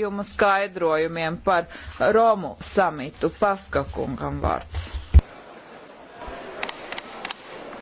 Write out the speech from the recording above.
jums skaidrojumiem par Romu samitu. Paskakungam vārds.